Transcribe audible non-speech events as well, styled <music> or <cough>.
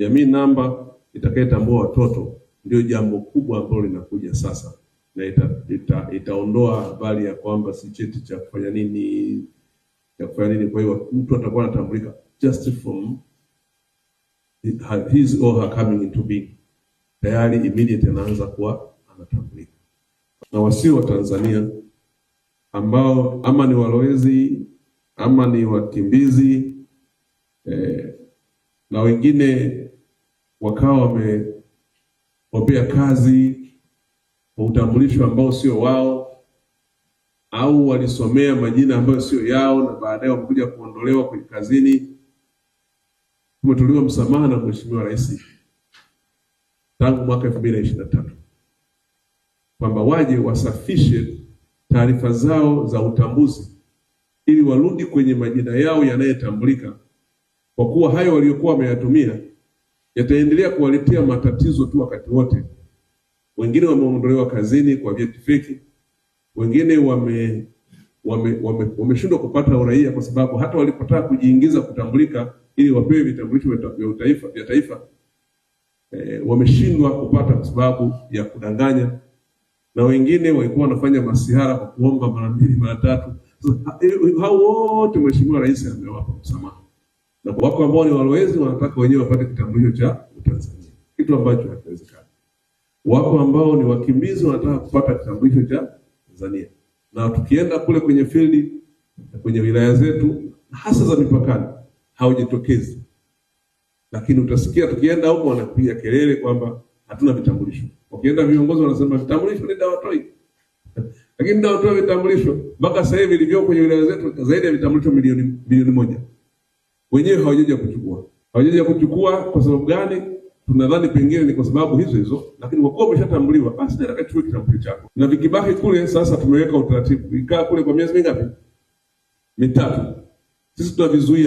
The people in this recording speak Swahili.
Jamii namba itakayetambua watoto ndio jambo kubwa ambalo linakuja sasa, na ita, ita, itaondoa habari ya kwamba si cheti cha kufanya nini cha kufanya nini. Kwa hiyo mtu atakuwa anatambulika just from his or her coming into being, tayari immediate anaanza kuwa anatambulika. Na wasio wa Tanzania ambao ama ni walowezi ama ni wakimbizi eh, na wengine wakawa wameombea kazi kwa utambulisho ambao sio wao, au walisomea majina ambayo sio yao, na baadaye wamekuja kuondolewa kwenye kazini. Tumetolewa msamaha na Mheshimiwa Rais tangu mwaka elfu mbili na ishirini na tatu kwamba waje wasafishe taarifa zao za utambuzi ili warudi kwenye majina yao yanayetambulika kwa kuwa hayo waliokuwa wameyatumia yataendelea kuwaletea matatizo tu wakati wote. Wengine wameondolewa kazini kwa vyeti feki, wengine wame wameshindwa wame, wame kupata uraia kwa sababu hata walipotaka kujiingiza kutambulika ili wapewe vitambulisho vya utaifa vya taifa e, wameshindwa kupata kwa sababu ya kudanganya, na wengine walikuwa wanafanya masihara kwa kuomba mara mbili mara tatu. Eh, hao wote Mheshimiwa Rais amewapa msamaha na wako ambao ni walowezi wanataka wenyewe wapate kitambulisho cha Tanzania, kitu ambacho hakiwezekani. Wako ambao ni wakimbizi wanataka kupata kitambulisho cha Tanzania, na tukienda kule kwenye field kwenye wilaya zetu hasa za mipakani haujitokezi, lakini utasikia tukienda huko wanapiga kelele kwamba hatuna vitambulisho. Ukienda viongozi wanasema vitambulisho ni dawatoi <laughs> lakini dawatoi vitambulisho mpaka sasa hivi ilivyo kwenye wilaya zetu zaidi ya vitambulisho milioni milioni moja wenyewe hawajaja kuchukua, hawajaja kuchukua. Kwa sababu gani? Tunadhani pengine ni kwa sababu hizo hizo, lakini kwa kuwa umeshatambuliwa basi ndio akachukue kitambulisho chako, na vikibaki kule. Sasa tumeweka utaratibu, ikaa kule kwa miezi mingapi? Mitatu. Sisi tunavizuia